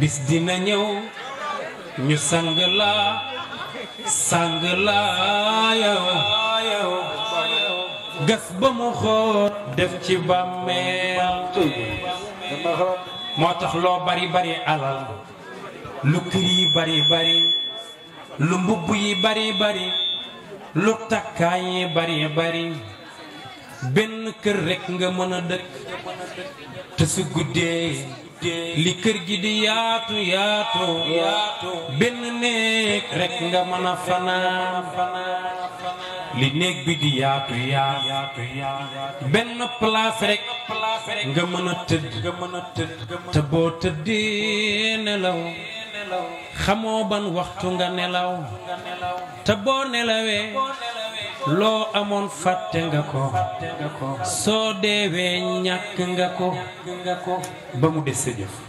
bis dina ñëw ñu sang la sang la yow gas ba mu xool def ci bàmmeel moo tax loo bari bari alal lu kër yi bari bari lu mbubb yi bari bari lu takkaay bari bari benn kër rekk nga mën a dëkk te su guddee li kër gi di yaatu yaatu benn néeg rek nga mën a fanaan li néeg bi di yaatu yaatu benn place rek nga mën a tëdd te boo tëddee nelaw xamoo ban waxtu nga nelaw te nelawee loo amoon fàtte nga ko soo deewee ñàkk nga ko ba mu des sa jëf